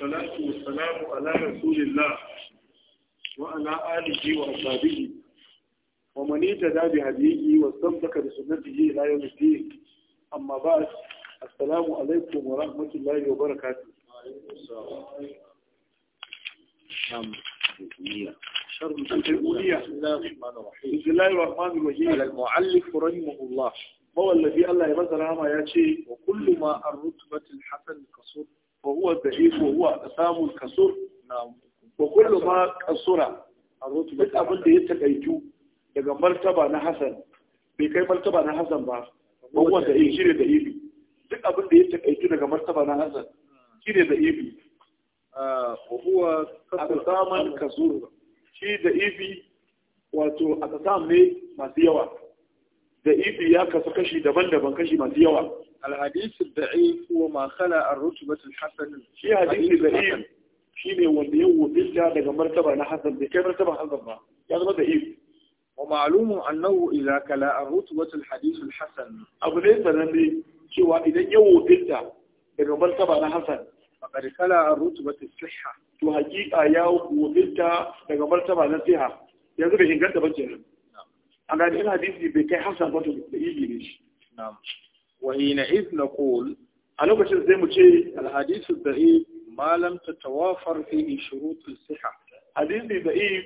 salatu wa salamu ala rasulillah wa ala alihi wa ashabihi wa man ittaba bi hadihi wa istamsaka bi sunnatihi ila yawm al-din amma ba'd assalamu alaikum wa rahmatullahi wa barakatuh نعم الأولية بسم الله الرحمن الرحيم على المعلف رحمه الله هو الذي الله يبزر عما ياتي وكل ما الرتبة الحسن كصوت وهو الضعيف وهو أقسام الكسر نعم وكل ما قصر duk abin da ya taƙaitu daga martaba na Hassan bai kai martaba na Hassan ba abubuwan da shi ne da ibi duk abin da ya taƙaitu daga martaba na Hassan shi ne da ibi ah, huwa akasaman kasur shi da ibi wato akasam ne masu yawa da ibi ya kasu kashi daban-daban kashi masu yawa الحديث الضعيف هو ما خلى الرتبة الحسن في حديث ضعيف شيني ونديو ومثل هذا مرتبة حسن بكيف مرتبة حسن هذا يعني ضعيف ومعلوم أنه إذا كلا الرتبة الحديث الحسن أبو ليس لدي شوى إذا يو دلتا إنه مرتبة حسن فقد كلا الرتبة الصحة تهجيك آياو ودلتا إنه مرتبة نصيحة يجب يعني بهن قد بجر نعم أنا الحديث بكي حسن بطل بإيجي نعم وحينئذ نقول أنا وجه زي ما تشي الحديث الضعيف ما لم تتوافر فيه شروط الصحة حديث الضعيف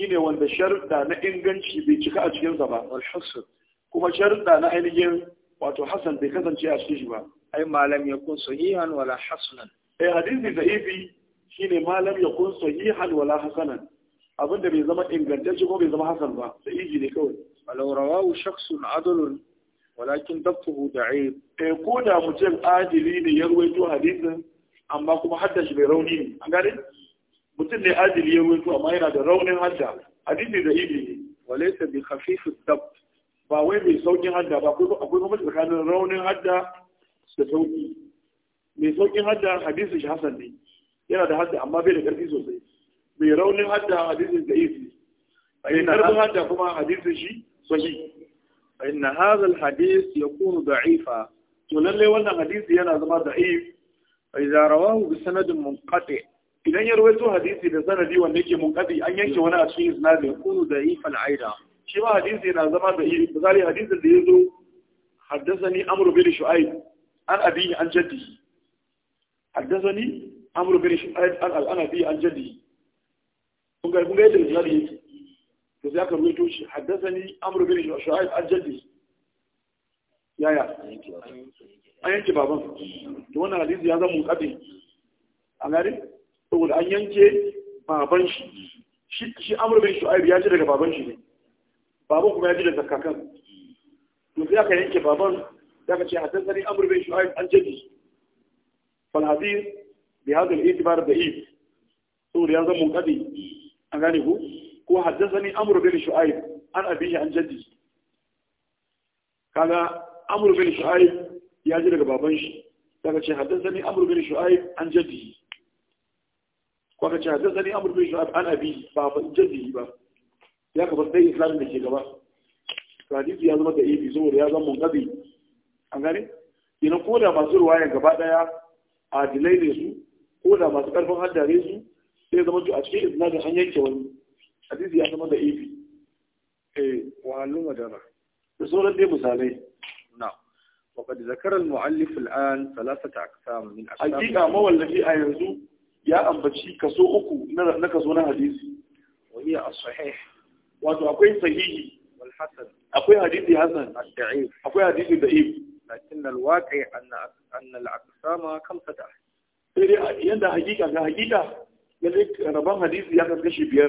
هنا والبشر دانا انغنش بيجيكا اجيان زبا والحسن كما شرط دانا انغن واتو حسن بيكسن جي اشيجبا اي ما لم يكن صحيحا ولا حسنا اي حديث الضعيف هنا ما لم يكن صحيحا ولا حسنا أظن دبي زمان إنجنتش حسن با سيجي نكوي ولو رواه شخص عدل walakin dabtuhu da'if eh ko da mutum adili ne ya ruwaito hadisin amma kuma hadda shi bai rauni ne an gane mutum ne adili ya ruwaito amma yana da raunin hadda hadisi da ibi ne walaysa bi khafif ad ba wai mai saukin hadda ba akwai kuma tsakanin raunin hadda da sauki mai saukin hadda hadisin shi hasan ne yana da hadda amma bai da karfi sosai mai raunin hadda hadisin da ibi ne mai karfin hadda kuma hadisin shi sahih in hadha ya yakunu da'ifa to lalle wannan hadisi yana zama da'if idza rawahu bi sanadin munqati idan ya rawaito hadisi da sanadi wanda yake munqati an yanke wani a cikin isnadin yakunu da'ifan aida shi ma hadisi yana zama da'if misali hadisin da yazo haddathani amru bin shu'aib an abihi an jaddihi haddathani amru bin shu'aib an al an to sai aka rubuto shi haddasani amr bin shu'aib al-jaddi yaya an yanke baban to wannan hadisi ya zama mutsabi a gari saboda an yanke baban shi shi amr shu'aib ya ji daga baban shi baban kuma ya ji daga kakan to sai aka yanke baban daga ce haddasani amr bin shu'aib al-jaddi fal hadith bi hadha al-i'tibar da'if saboda ya zama mutsabi a gane ku ko haddasani amru bin shu'aib an abihi an jaddi kaga amru bin shu'aib ya ji daga baban shi daga ce haddasani amru bin shu'aib an jaddi ko ka ce haddasani amru bin shu'aib an abi ba fa jaddi ba ya ka sai islam da ke gaba hadisi ya zama da ibi saboda ya zama mungabi an gane ina ko da masu ruwayan gaba daya adilai ne su ko da masu karfin haddare su sai zama a cikin isnadin an yanke wani hadisi ya zama da ibi eh wallu madara da sauran dai misalai na wa qad zakara al-mu'allif al-an thalathata aqsam min aqsam hakika ma wallahi a yanzu ya ambaci kaso uku na kaso na hadisi wa hiya as-sahih wato akwai sahihi wal hasan akwai hadisi hasan da'if akwai hadisi da'if lakin al-waqi' anna anna al-aqsam khamsata sai dai yanda hakika ga hakika Ya yanda rabon hadisi ya kasance biyar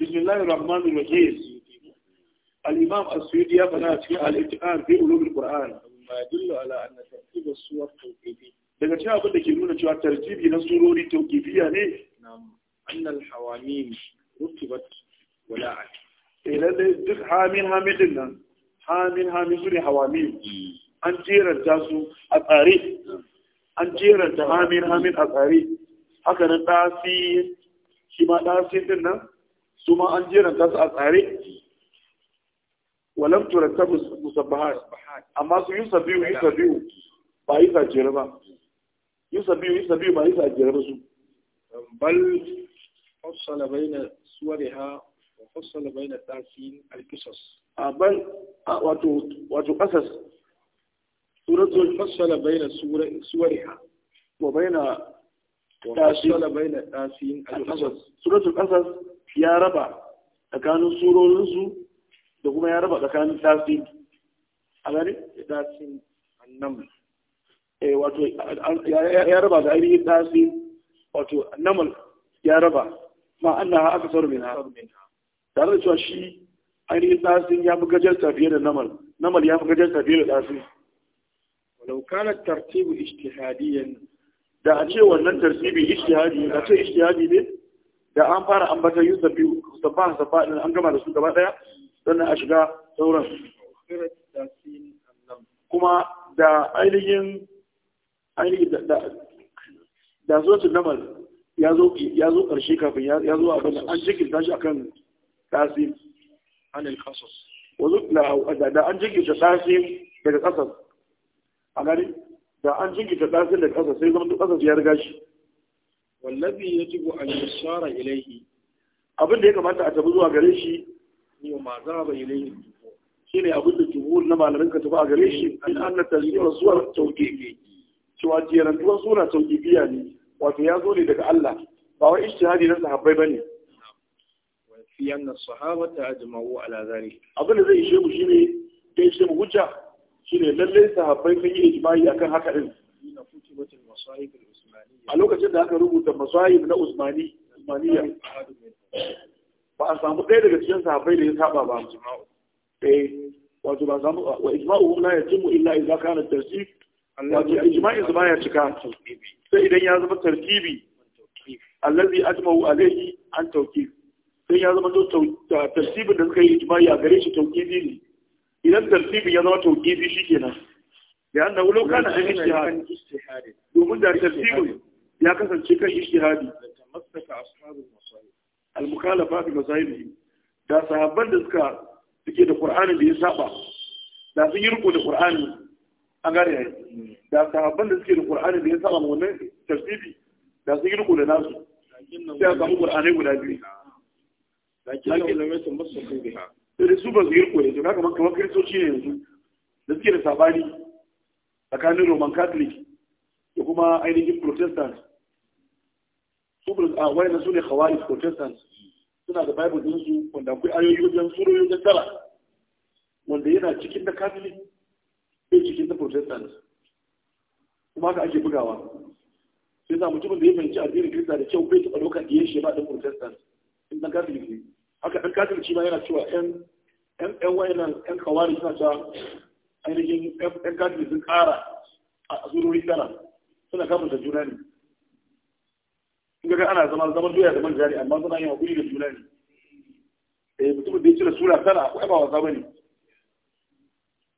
bismillahir rahmanir rahim al-imam as ya faɗa cikin al-ittiqan fi ulumul qur'an ma daga cikin abin da ke nuna cewa tartibi na surori tawqifiya ne na'am annal hawamim rutibat wala'at ilalle eh, duk hamin hamidin nan hamin hamin su ne hawamim hmm. an jeranta su a hmm. an hamin hamin a haka shi ma ɗasin ɗin nan su ma an jeranta su a tsare walam turanta musabbahat amma su yi sabiyu yi sabiyu ba yi sajere ba yi sabiyu yi sabiyu ba yi sajere ba su bal fassala baina suwariha wa fassala baina tasin alqisas A wato wato qasas suratul fassala baina ha, wa baina Su qasas ya raba tsakanin surorinsu da kuma ya raba tsakanin tasirin. a gani tasin annam eh wato ya raba da ainihin tasirin wato annamal ya raba ma annaha aka saru min ha tare da cewa shi ainihin tasirin ya fi gajarta fiye da namal namal ya fi gajarta fiye da tasirin. ولو kanar tartibu ishtihadiyyar da a ce wannan tartibi ishtihadi a ce ishtihadi ne da an fara ambata yusuf biyu safa safa din an gama da su gaba daya sannan a shiga sauran kuma da ainihin ainihin da da zo tunamal ya zo ya zo karshe kafin ya zo abin an jikinta shi akan tasir anil kasus wa da an jikinta tasir daga qasas a gari da an jinkita ɗakin da ƙasa sai zama ƙasa ya riga shi wallabi ya jibu an shara ilaihi abin da ya kamata a tafi zuwa gare shi ne ma za ba ilaihi shi ne abin da jumhur na malamin ka tafi a gare shi in an na tarjiyar suwar tauƙiƙi cewa zuwa suna biya ne wato ya zo ne daga Allah ba wai ijtihadi na sahabbai bane fi na sahabata ajma'u ala zalik abin da zai ishe mu shine dai shi mu hujja shine lalle sahabbai sun yi ijma'i akan haka din a lokacin da aka rubuta masahib na usmani usmaniya ba a samu ɗaya daga cikin sahabbai da ya saba ba eh wato ba samu wa ijma'uhum la yatimu illa idza kana tartib wato ijma'in su baya cika sai idan ya zama tartibi allazi ajma'u alayhi an tawkif sai ya zama to tartibin da suka yi ijma'i a gare shi tawkifi ne idan tartibin ya zama tauƙifi shi kenan da yanda wulo kana an ishtihadi domin da tartibin ya kasance kan ishtihadi al-mukhalafa fi masahibi da sahabban da suka suke da qur'anin da ya saba da sun yi riko da qur'ani an gare da sahabban da suke da qur'anin da ya saba wannan tartibi da sun yi riko da nasu sai a samu qur'anai guda biyu lakin sai su ba su girko yanzu na kamar kamar ne yanzu da suke da sabani tsakanin roman catholic da kuma ainihin protestant su ba a wani su ne hawaii protestant suna da bible din su wanda akwai ayoyi wajen surori wajen tara wanda yana cikin da catholic sai cikin da protestant kuma haka ake bugawa sai sa mutumin da ya fahimci addinin kirista da kyau bai taɓa ɗaukar ya shi ba ɗin protestant in na catholic ne haka ɗan shi ma yana cewa 'yan ƴan wayanan ƴan kawari suna cewa ainihin ƴan katin sun ƙara a zururi tara suna da juna ne in ga ana zama zaman doya da manjari amma suna yin haƙuri da juna ne eh mutumin da ya cire sura tara akwai ba wasa ne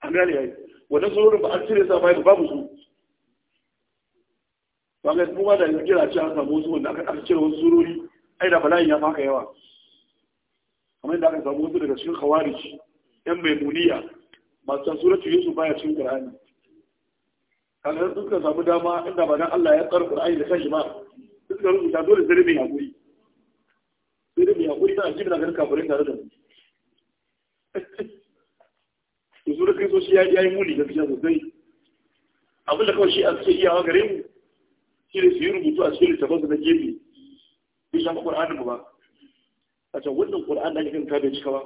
an gane yi wannan surorin ba an cire sa bai babu su ba ga kuma da ya kira ce an samu wasu wanda aka cire wasu surori ai da bala'in ya maka yawa kamar yadda aka samu wasu daga cikin khawarij yan maimuniya masu san suratu yusuf baya cikin qur'ani kaga sun ka samu dama inda ba dan Allah ya tsara qur'ani da kanshi ba suka rubuta dole zai mai hakuri sai dai mai hakuri ta ajibina ga kafirin tare da mu to su da ya yi muni fiye sosai abin da kawai shi a cikin iyawa gare mu shi ne su yi rubutu a cikin littafansu na gefe bai shafa ƙwar'anin ba a can wannan ƙur'an da nufin bai cika ba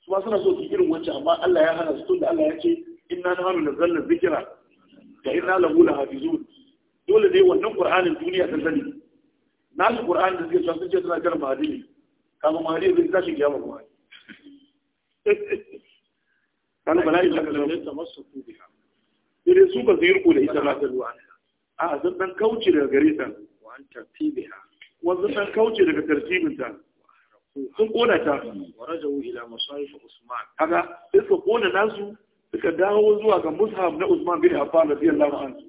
su ba suna so su irin wacce, amma Allah ya hana su tun da Allah ya ce inna na hannu na zallar zikira da inna lahu la hafizun dole ne wannan ƙur'anin duniya ta sani na su ƙur'an da suke cewa sun ce suna jar mahadi kama mahadi zai tashi kiyama kuma kan bala'i da kan zai tamassuku biha sai su ba su yi riko da ita ba a zan dan kauce daga gare ta wa an tartibiha wa zan dan kauce daga ta. sun kona ta warajahu ila musahif usman kaga sai suka kona nasu suka dawo zuwa ga mushaf na usman bin affan radiyallahu anhu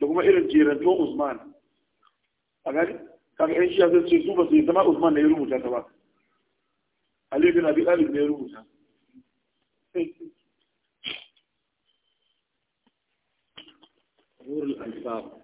da kuma irin jerantuwan usman a gani kaga yan shiya zai ce su ba su yi zama usman na ya rubuta ta ba ali bin abi talib ne ya rubuta nurul alfaq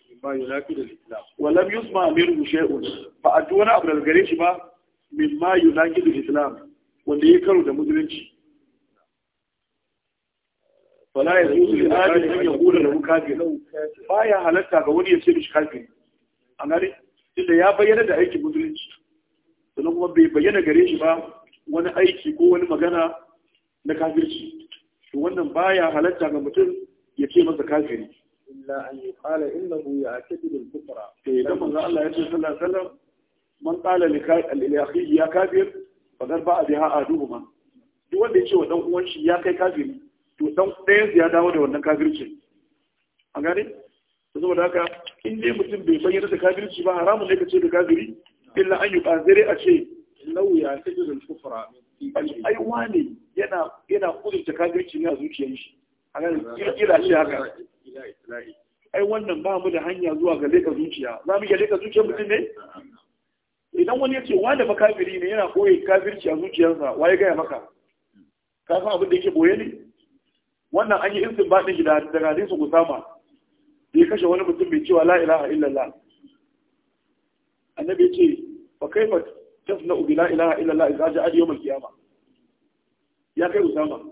ma yunaqidu al-islam yusma minhu shay'un fa aduna abu daga gare shi ba min ma yunaqidu al-islam wanda ya karo da musulunci fala ya zuzu li ahadin an yaqula lahu kafir ba ya halatta ga wani ya ce mishi kafiri an gane tunda ya bayyana da aikin musulunci sannan kuma bai bayyana gare shi ba wani aiki ko wani magana na kafirci to wannan baya halatta ga mutum ya ce masa kafiri illa an yuqala innahu ya'tadilu al-kufra to idan manzo Allah ya ce sallallahu alaihi wasallam man qala li akhihi ya kafir faqad ba'a biha aduhuma duk wanda ya ce wa dan shi ya kai kafiri to dan ɗayan ya dawo da wannan kafircin a gane saboda haka in dai mutum bai bayyana da kafirci ba haramun ne ka ce da kafiri illa an yuqazire a ce lau ya tajiru al-kufra ai wani yana yana kudurta kafirci ne a zuciyar shi a gane kira shi haka ai wannan ba mu da hanya zuwa ga leka zuciya za mu iya leka zuciya mutum ne idan wani ya ce wa ba kafiri ne yana koyi kafirci a zuciyarsa wa ya gaya maka ka san abin da yake boye ne wannan an yi insin baɗin gida daga hadisin usama da ya kashe wani mutum mai cewa la ilaha illallah annabi ce fa kaifa tasna'u bi la ilaha illallah idza ja'a yawm al-qiyamah ya kai usama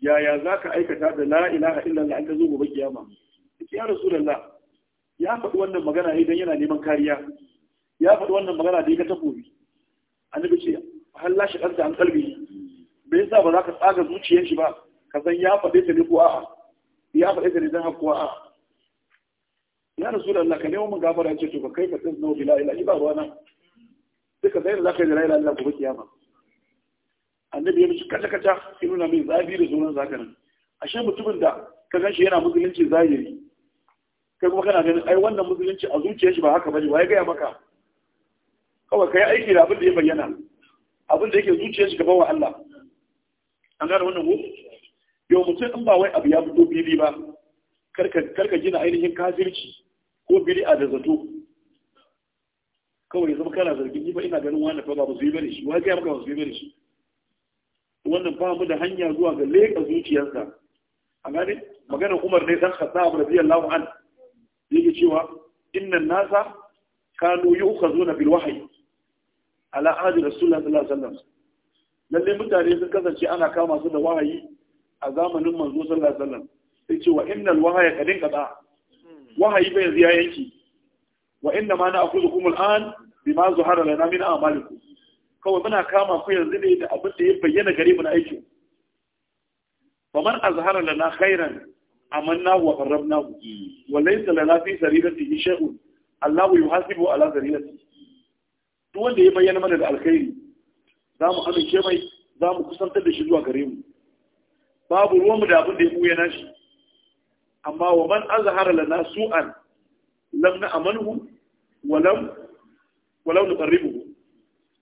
yaya za ka aikata da la ilaha illallah an ka zo gobe kiyama yace ya rasulullah ya faɗi wannan magana idan yana neman kariya ya faɗi wannan magana da ya ta gobe annabi ce hal la shaqanta an qalbi me yasa ba za ka tsaga zuciyar shi ba ka san ya faɗe ta ne ko a'a ya faɗe ta ne dan hakku a'a ya rasulullah ka nemo mun gafara ce to ka kai ka tsaya na la ilaha illallah ba ruwana duka zai da za ka yi la ilaha illallah gobe kiyama annabi ya mishi kaca kaca ya na mai zafi da sunan zakarin ashe mutumin da ka gan shi yana musulunci zahiri kai kuma kana ganin ai wannan musulunci a zuciyar shi ba haka bane waye gaya maka kawai kai aiki da abin da ya bayyana abin da yake zuciyar shi gaban wa Allah an gane wannan ko yau mutum in ba wai abu ya fito bibi ba karka gina ainihin kafirci ko bid'a da zato kawai zama kana zargin ni ba ina ganin wani fa ba musulmi bane shi waye gaya maka musulmi bane shi wannan ba mu da hanya zuwa ga leƙa zuciyarsa a gane magana umar ne dan khattab radiyallahu an yake cewa innan nasa kanu yu'khazuna bil wahyi ala ahdi rasulullah sallallahu alaihi wasallam lalle mutane sun kasance ana kama su da wahayi a zamanin manzo sallallahu alaihi sai ce wa innal wahaya kadin qada wahayi bai yanzu ya yanki wa inna ma an al'an bima zuhara lana min a'malikum kawai muna kama ku yanzu ne da abin da ya bayyana gare mu na aiki man azhara lana khairan amanna wa qarrabna wa laysa lana fi sariratihi shay'un Allahu yuhasibu ala sariratihi to wanda ya bayyana mana da alkhairi za mu amince mai za mu kusantar da shi zuwa gare mu babu ruwanmu da abin da ya buya shi amma wa man azhara lana su'an lam na wa lam wa lam nuqarribuhu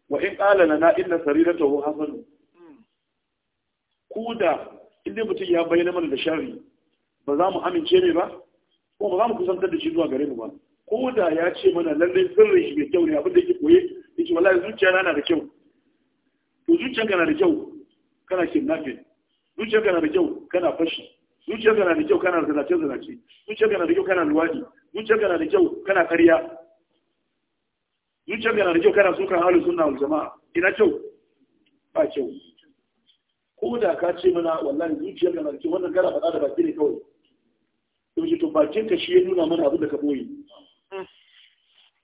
wa in qala lana inna sariratahu hasanu ku da inda mutum ya bayyana mana da sharri ba za mu amince ne ba ko ba za mu kusantar da shi zuwa gare mu ba ko da ya ce mana lallai sirrin shi mai kyau ne abin da yake koye yake wallahi zuciya na da kyau to zuciyarka na da kyau kana kidnapping zuciyarka na da kyau kana fashi zuciyarka na da kyau kana zinace zinace zuciyarka na da kyau kana luwadi zuciyarka na da kyau kana karya zuciyar yana da kyau kana so kan halin sunna jama'a ina kyau ba kyau ko da ka ce mana wallahi zuciyar yana da kyau wannan kana faɗa da baki ne kawai to shi to bakin ka shi ya nuna mana abin da ka boye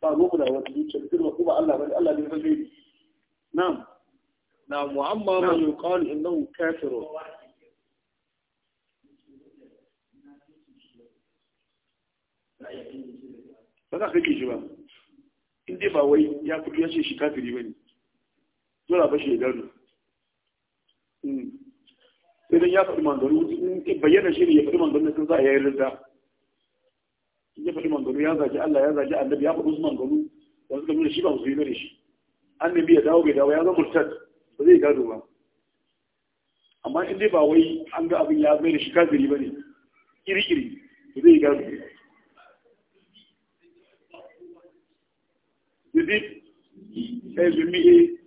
ba ruku da wata zuciyar kirma kuma Allah ba Allah ne san gaibi na'am na'am wa amma man yuqal innahu kafirun ba za ka kike shi ba in dai ba wai ya fito ya ce shi kafiri ne, dole ba shi ya gano hmm. sai don ya faɗi manzaro bayyana shi ne ya faɗi manzaro sun za a yi rinda ya faɗi manzaro ya zaki Allah ya zaki annabi ya faɗi wasu manzaro da suka nuna shi ba musu musulmi bane shi annabi ya dawo bai dawo ya zama murtad ba zai gado ba amma in dai ba wai an ga abin ya mai da shi kafiri ne iri-iri ba zai gado Bibi, ezumi e,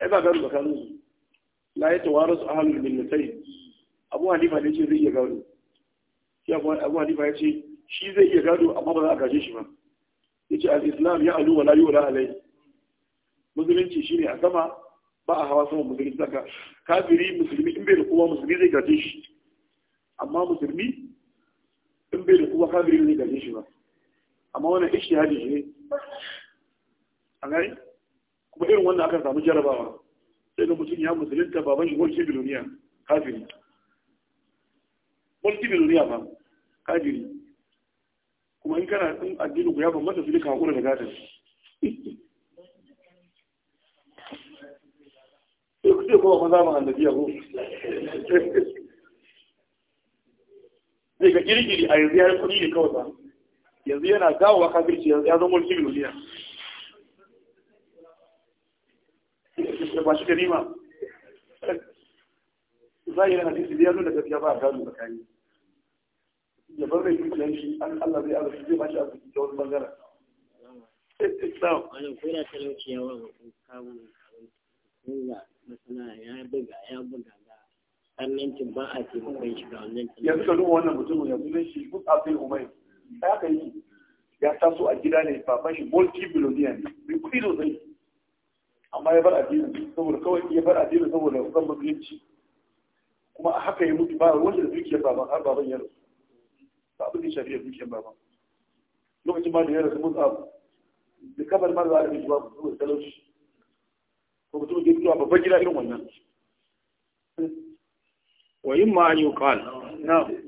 ai ba gado tsakanin su, la ya tawara su a halin millatai, abu halifa ne ce zai iya gado. Shi abu halifa ya ce, shi zai iya gado amma ba a gaje shi ba. Ya ce, al-Islam ya alu wala yi wala alai. Musulunci shi ne a sama ba a hawa sama musulun saka. Kafiri musulmi in bai da kowa musulmi zai gaje shi. Amma musulmi in bai da kowa kafiri zai gaje shi ba. amma wannan hadi ne a gani kuma irin wannan aka samu jarabawa sai ga mutum ya musulunta baban shi wani biloniya kafiri wani biloniya ba kafiri kuma in kana sun addini ku ya ban masa filika haƙura da gadon sai ku kuma za maza ma annabi yabo zai ga girgiri a yanzu ya yi kuɗi ne kawai ba yanzu yana dawowa kafirci yanzu ya zama mulki miliyoniya ba shi yi hadisi da ba a gano tsakani ya bar mai yanki an Allah zai arziki zai bashi arziki ta wani bangaren talauci yawa ga masana ya buga ya buga ga ba a taimakon shi ga wannan yanzu ka duba wannan mutumin ya zai shi duk abin umai ya ka yi ya taso a gida ne baban shi multi billionaire ne bai kuɗi sosai amma ya bar addini saboda kawai ya bar addini saboda kusan musulunci kuma a haka ya mutu ba wanda da dukiyar baban har baban ya rasu ba abin da shafi ya dukiyar baban lokacin ba da ya rasu mutu abu da kamar ma za a rage ba saboda talauci ko mutum da ya babban gida irin wannan wa yin ma an yi ƙal na'am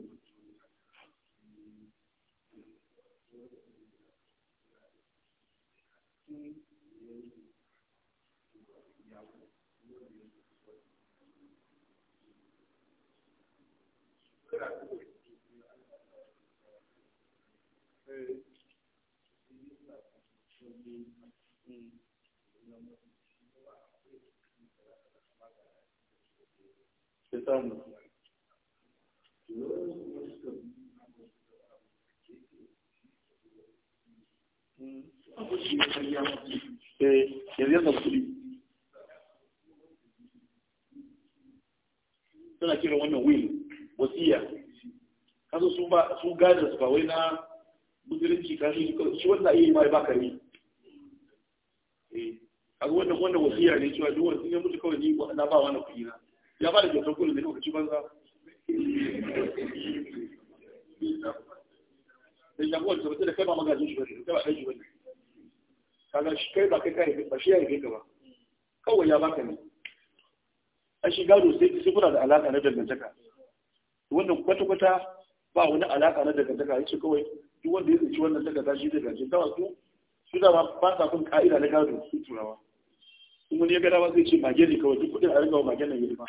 Estamos. yanzu kuɗi suna kiran wannan will wasiya kasu su su gadar su na musulunci kasu shi wanda iya yi ma ba wannan wasiya ne cewa duk wani ya mutu kawai ni na ba wani kuɗi na ya ba da kyautar kuɗi ne lokaci banza da jagorar ta mutu da kai ba magajin shi bane kai ba ɗan shi bane kaga shi kai ba kai kai ba shi ya yi ka ba kawai ya baka ne an shi gado sai su kuna da alaka na dangantaka wannan kwata-kwata ba wani alaka na dangantaka yace kawai duk wanda ya tsinci wannan takarda shi zai gaje ta wasu su da ba sa kun ka'ida na gado su turawa in wani ya gada ba zai ce mage ne kawai duk kudin a rinka wa mage nan hidima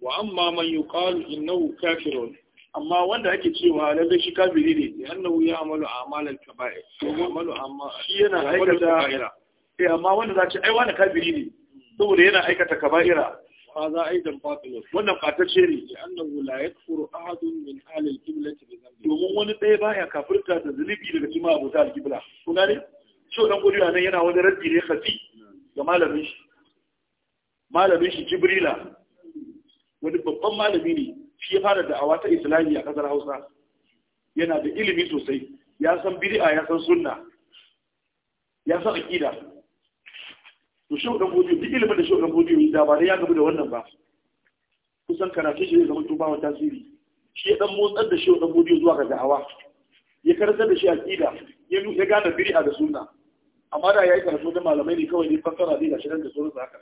wa amma man yuqalu innahu kafirun amma wanda ake cewa lalle shi kafiri ne ya annahu ya amalu amalan kaba'ir amalu amma shi yana aikata eh amma wanda za ce ai wani kafiri ne saboda yana aikata kaba'ira yi ايضا باطل wannan fatacce ne Ya annahu la yakfuru ahadun min ahli al-qibla bi dhanbi domin wani ɗaya baya kafirta da zunubi daga cikin abota al-qibla kun gane so dan godiya nan yana wani raddi ne kafi ga malamin shi malamin shi jibrila wani babban malami ne shi ya fara da'awa ta islami a kasar hausa yana da ilimi sosai ya san bid'a ya san sunna ya san aqida to shi dan godiya duk ilimin da shi dan yi da ba dai ya gabu da wannan ba kusan karatu shi ne zama tubawa tasiri shi ya dan motsar da shi dan godiya zuwa ga da'awa ya karanta da shi aqida ya gane bid'a da sunna amma da ya yi karfi da malamai ne kawai ne fassara ne ga shirin da sauran sa haka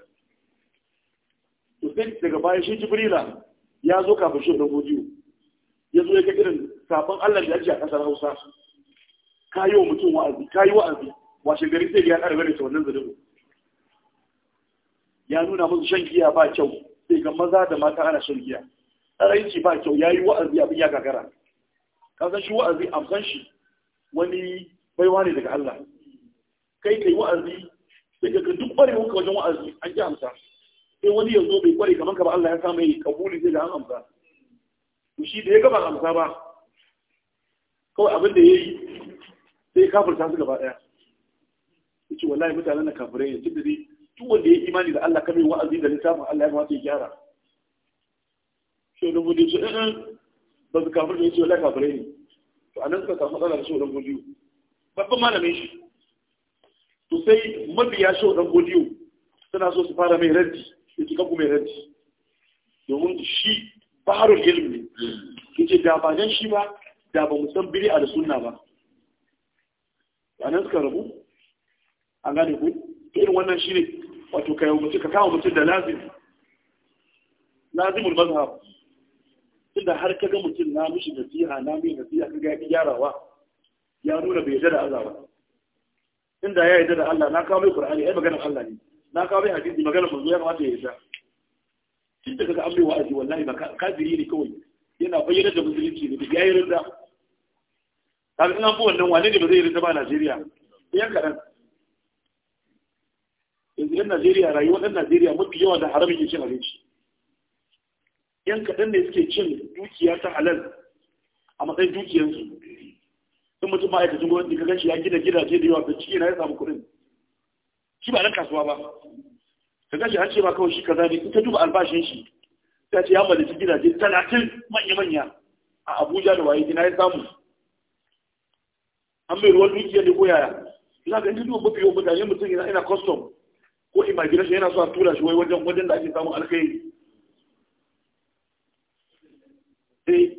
to sai daga baya shi jibrila ya zo kafin shi dogo jiyo ya zo ya ga irin sabon Allah da ake a kasar Hausa ka yi wa mutum wa'azi ka yi wa'azi washe gari sai ya karbe da wannan zalimu ya nuna musu shan giya ba kyau sai ga maza da mata ana shan giya tsaraici ba kyau ya yi wa'azi abin ya gagara ka san shi wa'azi amsan shi wani baiwa ne daga Allah kai kai wa'azi sai ka duk ƙwarewar ka wajen wa'azi an ji amsa sai wani yanzu bai kware kamar ka ba Allah ya sa mai kabuli sai da an amsa to shi da ya gaba amsa ba kawai abin da yayi sai kafirta su gaba daya yace wallahi mutanen na kafirai yanzu da dai duk wanda ya imani da Allah kamar wa'azi da littafin Allah ya kamata ya gyara shi da gudu ce eh, eh ba su kafir da yace wallahi kafirai ne to anan suka samu matsala da shi wannan gudu babban malamin shi to sai mabiya shi dan godiyo suna so su fara mai ranti, ya ci kanku mai ranti. domin shi baharul ilmi ne yace da ba shi ba da ba mu san a da sunna ba ranar suka rabu an gane ku irin wannan shi ne wato ka mutu ka kama mutum da lazim lazimul mazhab Inda har ka ga mutum na mishi nasiha na mai nasiha ka ga gyarawa ya nuna bai yarda da Allah ba inda ya yarda da Allah na kawo mai Qur'ani ai maganar Allah ne na kawo mai hadisi maganar manzo ya kamata ya yarda tun da kaga abin wa'azi wallahi ba kafiri ne kawai yana bayyana da musulunci ne ya yi rinda kaga in an fi wannan wane ne ba zai rinda ba Najeriya yan kaɗan yanzu yan Najeriya rayuwar ɗan Najeriya mafi yawa da haramin ke cin abinci yan kaɗan ne suke cin dukiya ta halal a matsayin dukiyarsu sun mutum ma'aikacin gwamnati ka ganshi ya gina gidaje da yawa da ciki na ya samu kuɗin shi ba nan kasuwa ba ka ganshi an ce ba kawai shi kaza ne in ta duba albashin shi ta ce ya mallaki gidaje talatin manya-manya a abuja da waye gina ya samu an mai ruwan dukiya ne ko yaya ka yi duba mafi yawan mutane mutum yana ina custom ko immigration yana so a tura shi wai wajen wajen da ake samun alkhairi eh,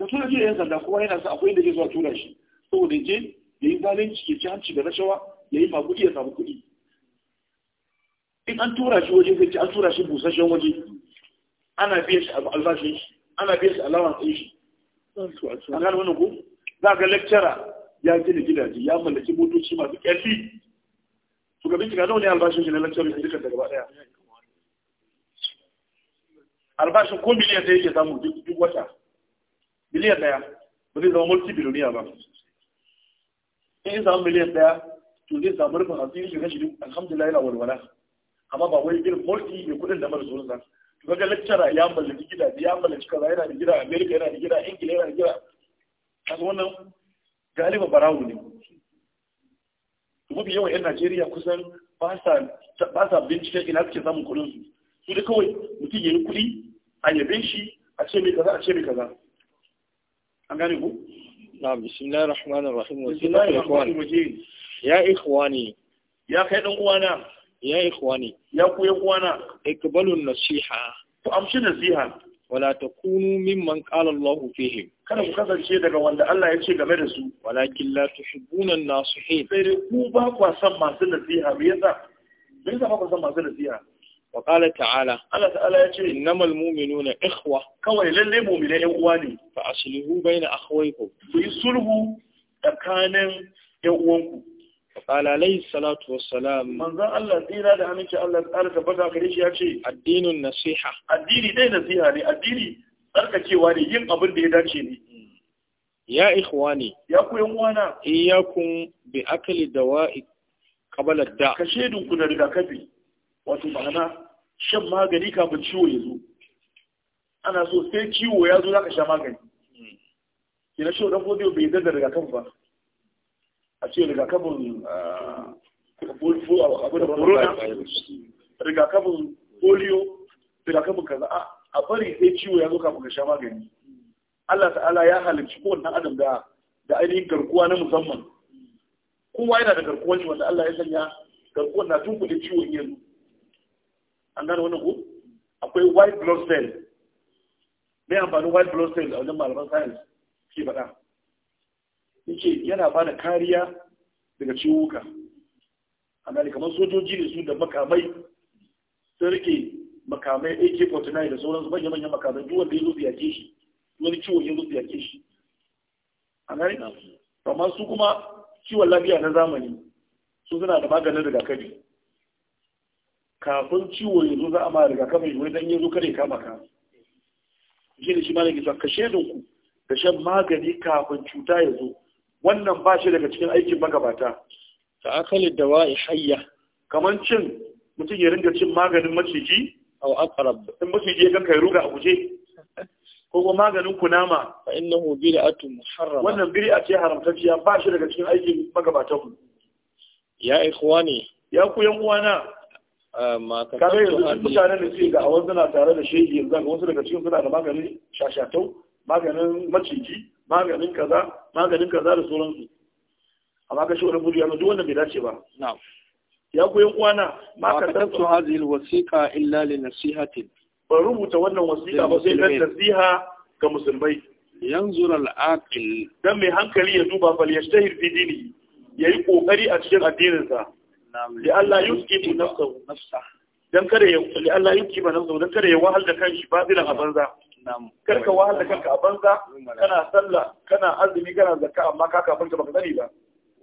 mutum da ke yan sanda kuma yana sa akwai inda ke zuwa tura shi saboda je ya yi zalunci ya ci hanci da rashawa ya yi maguɗi ya samu kuɗi in an tura shi waje zai ci an tura shi busasshen waje ana biya shi albashin shi ana biya shi alawan ɗin shi an gano wani ko za ga lecturer ya gina gidaje ya mallaki motoci masu ƙyalli su gabi cika nawa ne albashin shi na lecturer ya dukkan da gaba ɗaya albashin ko miliyan ɗaya yake samu duk wata miliyan daya ba zai zama mulki biloniya ba in ya samu miliyan daya to zai samu rufin asiri shiga shi alhamdulillah yana walwala amma ba wai irin mulki mai kudin da mara zuwa to kaga lecturer ya mallaki gidaje ya mallaki kaza yana da gida America yana da gida Ingila yana da gida kaga wannan galiba barawo ne to mafi yawan yan Najeriya kusan ba sa binciken ina suke samun kudin su su da kawai mutum ya yi kudi a yabe shi a ce mai kaza a ce mai kaza an gane ku na bismillahir rahmanir rahim wa sallallahu ya ikhwani ya kai ɗan uwana ya ikhwani ya ku yan uwana ikbalu nasiha ku amshi nasiha wala takunu mimman ƙala Allahu fihim kada ku kasance daga wanda Allah ya ce game da su walakin la tuhibbuna nasu hin. sai dai ku ba ku san masu nasiha me yasa me yasa ba ku san masu nasiha وقال تعالى ta'ala Allah ta'ala yace المؤمنون mu'minuna كوي للي lalle mu'mina ɗan uwa ne fa aslihu baina akhawaykum ku yi sulhu عليه الصلاة والسلام من ذا الله دين هذا عميك الله تعالى تبتع خليش يأتي الدين النصيحة الدين دين نصيحة الدين أركا كيواني ين قبل دي داكيني يا إخواني يا كو يموانا إياكم بأكل دواء قبل الداء كشيد كنا لدى كبي wato ma'ana shan magani kafin ciwo ya zo ana so sai ciwo ya zo za ka sha magani kina shi wadanda zai bai zai da rigakafin ba a ce rigakafin ah, abu rigakafin polio rigakafin kaza a bari sai ciwo ya zo kafin ka sha magani Allah ta'ala ya halarci kowanne adam da da ainihin garkuwa na musamman kowa yana da garkuwa shi wanda Allah ya sanya garkuwa na tunkuɗe ciwon yanzu an gane wani ku akwai white blood cell me amfanin white blood cell a wajen malaman science ke bada yake yana ba da kariya daga ciwuka an gane kamar sojoji ne su da makamai sun rike makamai ak-49 da sauransu manya-manyan makamai duk wanda ya zo yake shi wani ciwo ya zo yake shi an gane na su kuma ciwon lafiya na zamani su suna da maganin rigakafi kafin ciwo ya zo za a ma rigakafin wai dan ya zo kare kama ka shi ne shi ma ne ke ka shedinku da shan magani kafin cuta ya zo wannan ba shi daga cikin aikin magabata ta akali da wa'i hayya kamar cin mutum ya ringa cin maganin maciji aw aqrab in maciji ya kanka ya ruga a guje ko kuma maganin kunama fa innahu bid'atu muharrama wannan bid'a ce haramtacciya ba shi daga cikin aikin magabatan mu ya ne. ya ku yan uwana kada yanzu mutanen da suke ga awon suna tare da shege yanzu ga wasu daga cikin suna da maganin shashatau maganin maciji maganin kaza maganin kaza da sauransu amma ka shi wani buri yanzu duk wanda bai dace ba ya koyi uwana ma ka tattu hazil wasiqa illa li nasihatin ban rubuta wannan wasiqa ba sai dan nasiha ga musulmai yanzur al-aqil dan mai hankali ya duba fal yashtahir fi dini yayi kokari a cikin addininsa li Allah yuskitu nafsahu nafsa dan kada ya li Allah yuskitu nafsahu dan kada ya wahal da kanshi bazilan a banza kar ka wahal da kanka a banza kana sallah kana azumi kana zakka amma ka kafanta baka sani ba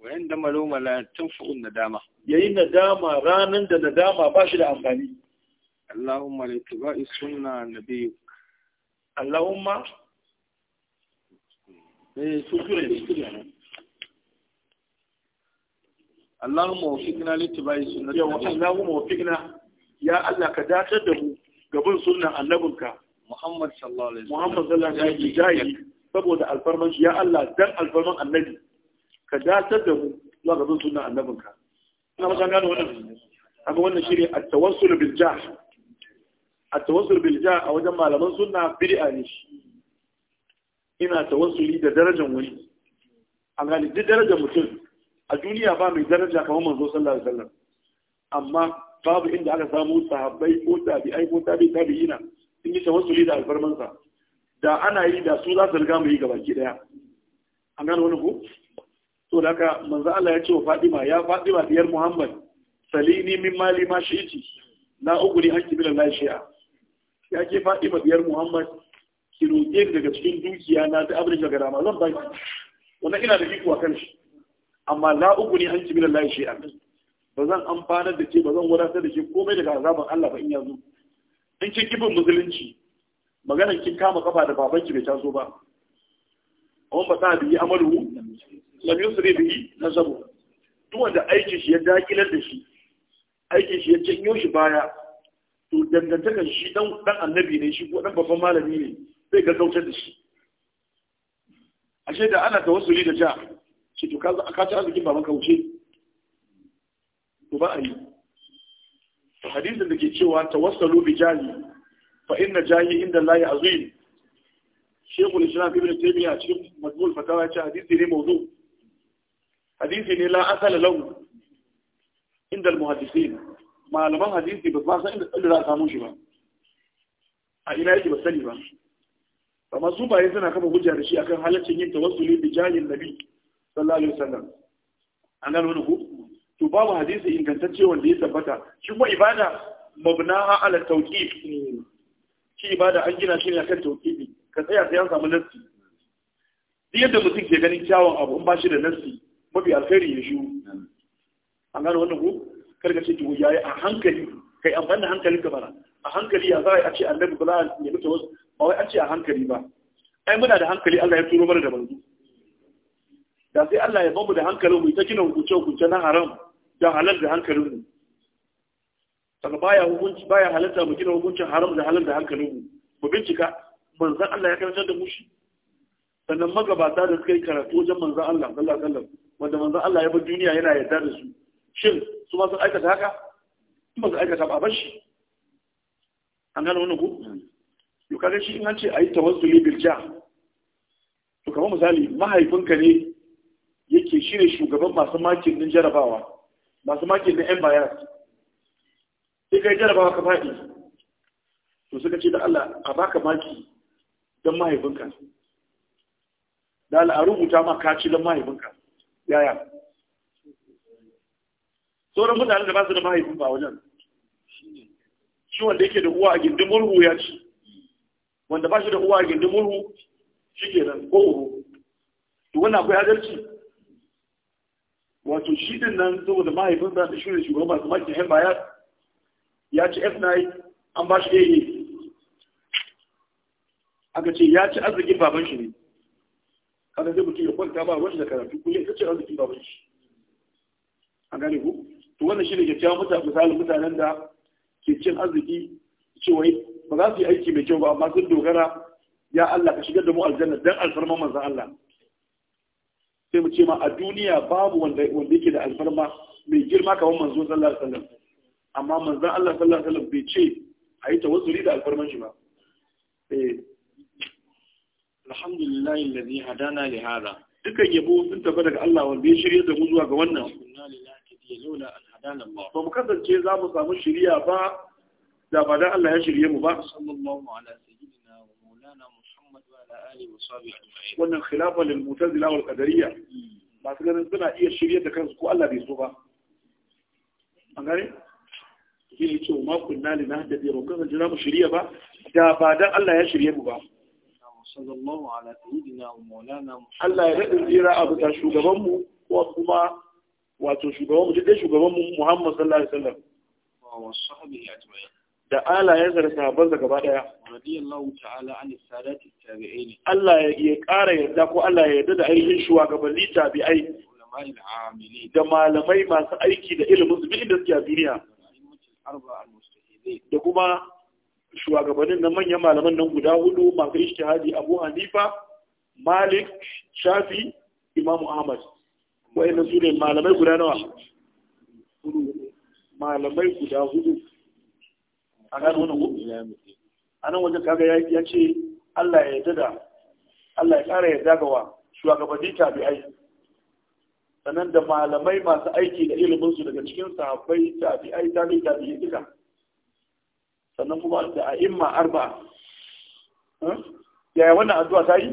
wayan da maluma la tunfu'un nadama yayin nadama ranan da nadama ba shi da amfani Allahumma la tibai sunna nabiyyuk Allahumma eh sukure ne Allahumma wafiqna littibai sunnati yawa Allahumma wafiqna ya Allah ka datar da mu gaban sunnan annabinka Muhammad sallallahu alaihi Muhammad sallallahu alaihi wasallam saboda alfarman ya Allah dan alfarman annabi ka datar da mu zuwa gaban sunnan annabinka ina maka gano wannan kaga wannan shine at-tawassul bil jah at-tawassul bil jah a wajen malaman sunna bid'a ne ina tawassuli da darajar wani a gani duk darajar mutum a duniya ba mai daraja kamar manzo sallallahu alaihi wasallam amma babu inda aka samu sahabbai ko tabi'ai ko tabi'i tabi'ina sun yi tawassuli da alfarmansa da ana yi da su za su riga mu yi ki daya an gano wani ku? to da haka manzo Allah ya ce wa Fatima ya Fatima diyar Muhammad salini min mali ma shi'ti la ugri anki bil Allah shi'a ya ce Fatima diyar Muhammad ki roƙe daga cikin dukiya na da abin da ga dama zan baki wannan ina da iko a kan shi amma la ne an min Allah shay'an ba zan amfana da ke ba zan wadatar da ke komai daga azaban Allah ba in yanzu in kin kibin musulunci maganar kin kama kafa da babanki bai taso ba on ba ta biyi amalu lam yusri na nasabu duk wanda aikin shi ya dakilar da shi aikin shi ya janyo shi baya to dangantakar shi dan dan annabi ne shi ko dan babban malami ne zai kautar da shi ashe da ana tawassuli da ja shi to ka ci arzikin baban ka wuce to ba a yi hadisin da ke cewa tawassalu bi jahi fa inna jahi inda ya azim shekul islam ibn taymiya cikin majmul fatawa ya ce hadisi ne mawdu hadisi ne la asala lahu inda muhaddisin malaman hadisi ba san inda za a samu shi ba a ina yake ba sani ba amma su bayan suna kama hujja da shi akan halaccin yin tawassuli bi jahin nabi sallallahu alaihi wasallam an gano wani ku to babu hadisi ingantacce wanda ya tabbata shi kuma ibada mabnaha ala tawqif shi ibada an gina shi ne akan tawqifi ka tsaya sai an samu nassi duk yadda mutum ke ganin kyawun abu in ba shi da nassi mafi alkhairi ya shiru an gano wannan ku karka ce ki yayi a hankali kai amfani da hankalin ka bana a hankali ya za a ce annabi ba za a nemi wasu ba wai an ce a hankali ba ai muna da hankali Allah ya turo mana da manzo da sai Allah ya bamu da hankalin mu ta gina hukunce-hukunce na haram da halal da hankalin mu baya hukunci baya halatta mu gina hukuncin haram da halal da hankalin mu mu bincika manzan Allah ya karantar da mu shi sannan magabata da suka yi karatu wajen manzan Allah sallallahu alaihi wasallam wanda manzan Allah ya bar duniya yana yarda da su shin su ma sun aikata haka Su ba su aikata ba ba shi an gano wannan ku yau kaga shi in an ce ayi tawassuli bil jah to kamar misali mahaifinka ne shi ne shugaban masu makin din jarabawa masu makin din yan bayan sai kai jarabawa ka faɗi to suka ce da Allah a baka maki don mahaifinka da Allah a rubuta ma kaci don mahaifinka yaya sauran mutane da ba su da mahaifin ba wajen shi wanda yake da uwa a gindin murhu ya ci wanda ba shi da uwa a gindin murhu shi ke nan ko uru to wannan akwai adalci wato shi din nan saboda mahaifin za su shirya shugaban masu maki hen baya ya ci f9 an ba shi aa aka ce ya ci arzikin baban shi ne kada zai mutum ya kwanta ba ruwan da karatu kuma ya ci arzikin baban shi a gane ku to wannan shi ne ke cewa mutane misalin mutanen da ke cin arziki cewa ba za su yi aiki mai kyau ba amma sun dogara ya Allah ka shigar da mu aljanna dan alfarman manzon Allah sai mu ce ma a duniya babu wanda yake da alfarma mai girma kamar manzo sallallahu alaihi wasallam amma manzon Allah sallallahu alaihi wasallam bai ce a yi tawassuli da alfarman shi ba eh alhamdulillah alladhi hadana li hada dukkan yabo sun tafi daga Allah wanda ya shirye da mu zuwa ga wannan inna lillahi laula an hadana Allah ba mu kasance za mu samu shiriya ba da ba dan Allah ya shirye mu ba sallallahu alaihi wannan khilafa lil mu'tazila wal qadariyya masu ganin suna iya shirye da kansu ko Allah bai so ba an gane shi ne cewa ma kunna li nahdadi bi rukun al jinamu shirya ba da ba dan Allah ya shirye mu ba sallallahu ala sayyidina wa maulana Allah ya rabu jira abu da shugaban mu ko kuma wato shugaban mu dai shugaban mu Muhammad sallallahu alaihi wasallam wa sahbihi ajma'in da alayensa da sahabbansa gaba daya radiyallahu ta'ala an sadati tabi'in Allah ya ƙara yarda ko Allah ya yarda da ainihin li tabi'ai da malamai masu aiki da ilimin zubi da suke a duniya da kuma shugabannin na manyan malaman nan guda hudu masu ishtihadi Abu Hanifa Malik Shafi Imam Ahmad wayannan su ne malamai guda nawa malamai guda hudu a wani a nan wajen kaga ya ce Allah ya yarda da Allah ya kara yarda ga wa shugabanni tabi'ai sannan da malamai masu aiki da ilimin su daga cikin sahabbai tabi'ai tabi'ai tabi'ai duka sannan kuma da a'imma arba. yaya wannan addu'a ta yi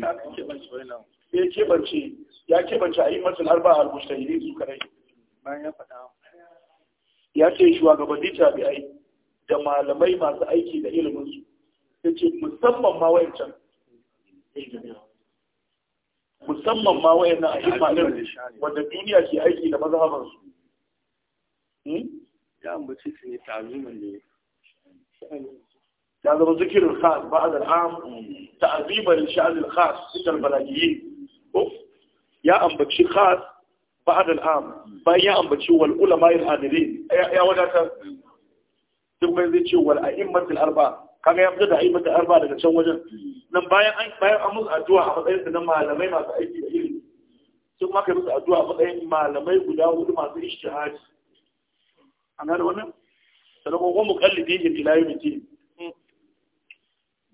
ba ku matsala eh sai kebance ya kebance a yi masul arba al mushtahidi su kadai bayan ya faɗa ya ce shugabanni tabi'ai da malamai masu aiki da ilimin su ya ce musamman ma wayancan musamman ma wayannan a imanin wadda duniya ke aiki da mazhaban su hmm? ya ambace su ne ta'azumin ne ya zama zikirin khas ba'd al-am ta'aziban li sha'n al-khas cikin balagiyi ko ya ambaci khas ba'd am bayan ya ambaci wal ulama al adirin ya wadata duk mai zai ce wal a'immat al arba kaga ya fita da a'immat al arba daga can wajen nan bayan an bayan an musu addu'a a matsayin su na malamai masu aiki da ilimi sun maka musu addu'a a matsayin malamai guda hudu masu ijtihadi an gane wannan mu kalli muqallidihim ila bi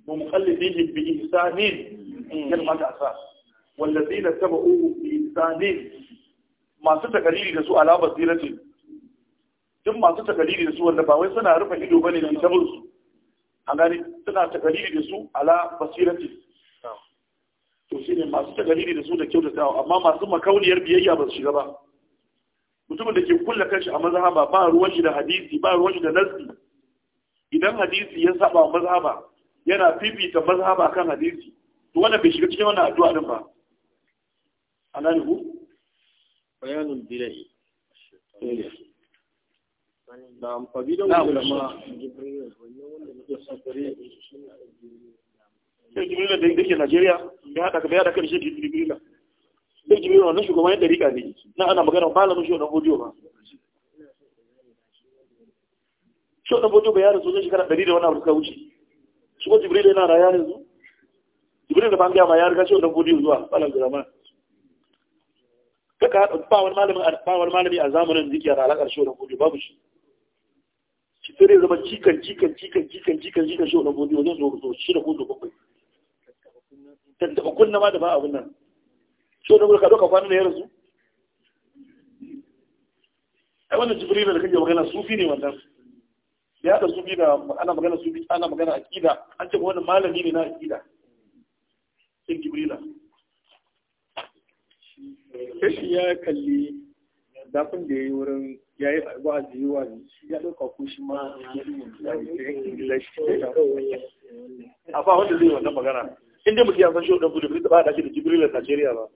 ومخلديهم بإحسان كلمة أساس wallazina tabauhu bi ihsanin masu takaliri da su ala basirati duk masu takaliri da su wanda ba wai suna rufe ido bane ne kitabun su A gani suna takaliri da su ala basirati to ne masu takaliri da su da kyau da kyautatawa amma masu makauniyar biyayya ba su shiga ba mutumin da ke kulle kanshi a mazhaba ba ruwan shi da hadisi ba ruwan shi da nazi. idan hadisi ya saba mazhaba yana fifita mazhaba kan hadisi to wanda bai shiga cikin wannan addu'a din ba عنه بيان البدع نعم فبدع العلماء sai jibrila da yake Najeriya ya haɗa ka ya da kan shi jibrila sai jibrila wannan shugaban yadda rika ne na ana magana malamin shi wannan hodiyo ba shi wannan hodiyo ba ya rasu zai shekara da wani abu suka wuce shi ko jibrila yana raya yanzu jibrila da ban gaya ma ya riga shi zuwa ka haɗa ba wani malami ba wani malami a zamanin ziki yana alaƙar shi wannan godiyo babu shi shi sai dai zama cikan cikan cikan cikan cikan cikan shi wannan godiyo wajen zo zo shi da godiyo bakwai tattaba kunna ma da ba abin nan shi wannan godiyo ka ɗauka kwanan da ya rasu ai wannan jibril da kake magana sufi ne wannan ya da sufi da ana magana sufi ana magana aqida an ce wani malami ne na aqida sai jibrila sai ya kalli zafin da ya yi wurin ya yi wa'azi yi wa'azi shi ya ɗauka ko shi ma a ba wanda zai wannan magana in dai mutum ya san shi ɗan gudu ba a ɗaki da na najeriya ba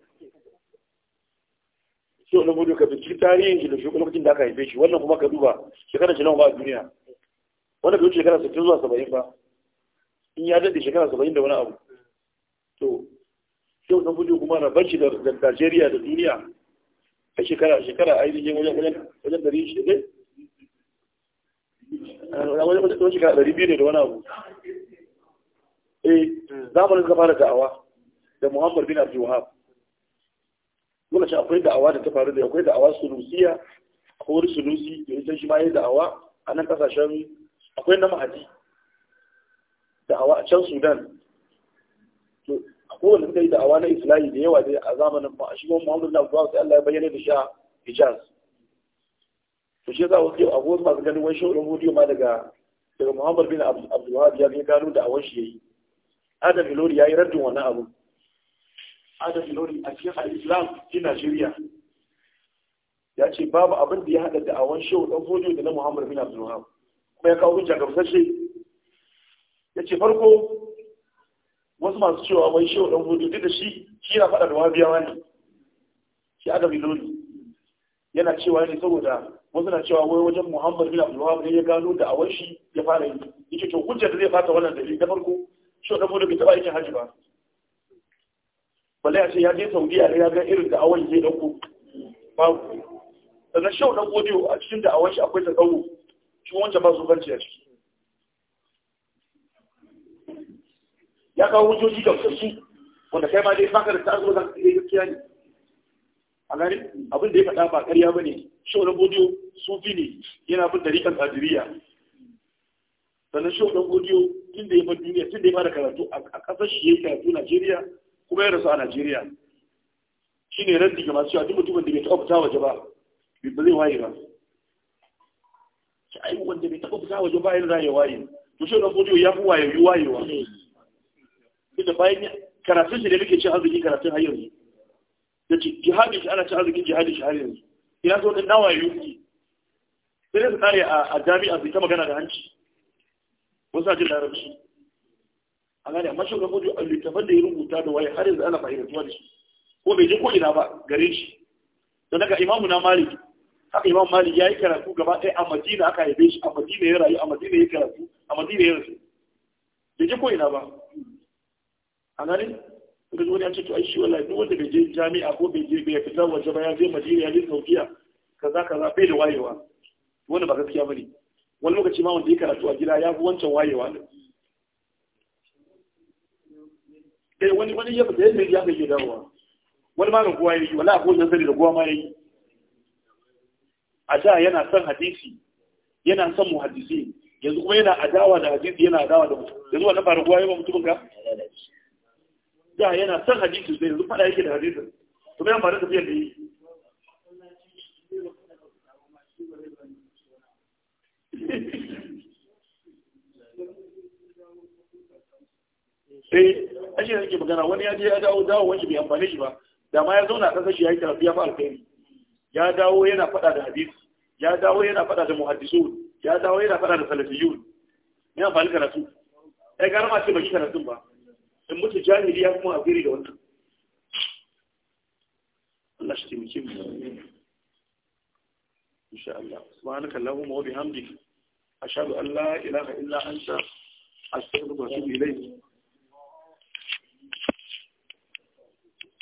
shi wani gudu ka binciki tarihin shi da shi lokacin da aka haife shi wannan kuma ka duba shekarar shi nawa a duniya wanda bai wuce shekara sittin zuwa saba'in ba in ya daɗe shekara saba'in da wani abu to shehu dan budu kuma rabar shi da Najeriya da duniya a shekara shekara a yi wajen wajen wajen dari shi ne wajen ɗari shekara dari biyu ne da wani abu eh zamanin ka fara da'awa da Muhammad bin Abdul Wahab lokaci akwai da'awa da ta faru da akwai da'awa sunusiya akwai wani sunusi da ita shi ma yi da'awa a nan kasashen akwai na mahadi da'awa a can Sudan Ko wanda suka yi da'awa na islahi da yawa dai a zamanin ba a shigo muhammadu na abuwa sai allah ya bayyana da shi a hijaz to shi yasa wasu abu wasu masu ganin wani shaurin hudu ma daga daga muhammad bin abdulwahab ya kai gano da awon shi ya yi adam ilori ya yi raddin wannan abu adam ilori a cikin al-islam cikin najeriya ya ce babu abin da ya haɗa da awon shehu ɗan hojo da na muhammad bin abdulwahab kuma ya kawo hujja gamsashe ya ce farko wasu masu cewa wai shi wa hudu duk da shi shi na faɗa da wahabiyawa ne shi adam ilori yana cewa ne saboda wasu na cewa wai wajen muhammad bin abdul wahab ne ya gano da awai shi ya fara yi yake to hujjar da zai fata wannan dalili ta farko shi wa hudu bai taɓa aikin hajji ba balle a ce ya je saudiya ne ya ga irin da awai zai ɗauko babu sannan shi wa hudu a cikin da awai shi akwai ta tsawo shi wancan ba su a ciki ya kawo hujjoji da su wanda kai ma dai baka da ta'azzur zaka yi gaskiya ne a gani abin da ya faɗa ba ƙarya ba shi wani godiyo sufi ne yana bin dariƙan qadiriyya sannan shi wani godiyo tun da ya bar duniya tun da ya fara karatu a ƙasar shi ya yi karatu Najeriya kuma ya rasu a Najeriya shi ne ran ga masu cewa duk mutumin da bai taɓa fita waje ba ba zai waye ba shi ai wanda bai taɓa fita waje ba yana waye to shi wani godiyo ya fi waye wayewa da bayan karatun shi da muke cin arziki karatun har yanzu da ce jihadin shi ana cin arziki Jihadi shi har yanzu ina so da nawa yi yuki sai da su kare a jami'a su ta magana da hanci wasu ajin larabci a gane amma shugaban kudu a littafan da ya rubuta da waye har yanzu ana fahimtuwa da shi ko bai je ko ina ba gare shi don daga imamu na malik haka imam malik ya yi karatu gaba ɗaya a madina aka haife shi a madina ya rayu a madina ya karatu a madina ya rasu bai je ko ina ba a gani da wani an ce to ai shi wallahi duk wanda bai je jami'a ko bai je bai fita waje ba ya je madina ya je saudiya kaza kaza bai da wayewa wanda ba gaskiya bane wani lokaci ma wanda ya karatu a gida ya fi wancan wayewa ne eh wani wani ya fita yadda ya ga dawowa wani ma ga kowa yayi wala a kowace sani da kowa ma ya yi. a da yana son hadisi yana son muhaddisi yanzu kuma yana adawa da hadisi yana adawa da mutum yanzu wannan ba da kowa yayi ba mutumin ka da yana son hadisi sai yanzu faɗa yake da da yi sai ashe da magana wani ya je ya dawo bai amfani shi ba da ma ya zauna shi yi ya dawo yana faɗa da hadisi ya dawo yana faɗa da muhaddisun ya dawo yana faɗa da salafiyun ya amfani karatu Ya gara ma ce baki karatun ba in mutu jahili ya kuma alheri da wannan Allah shi taimake mu insha Allah subhanaka allahumma wa bihamdika ashhadu an la ilaha illa anta astaghfiruka wa atubu ilayk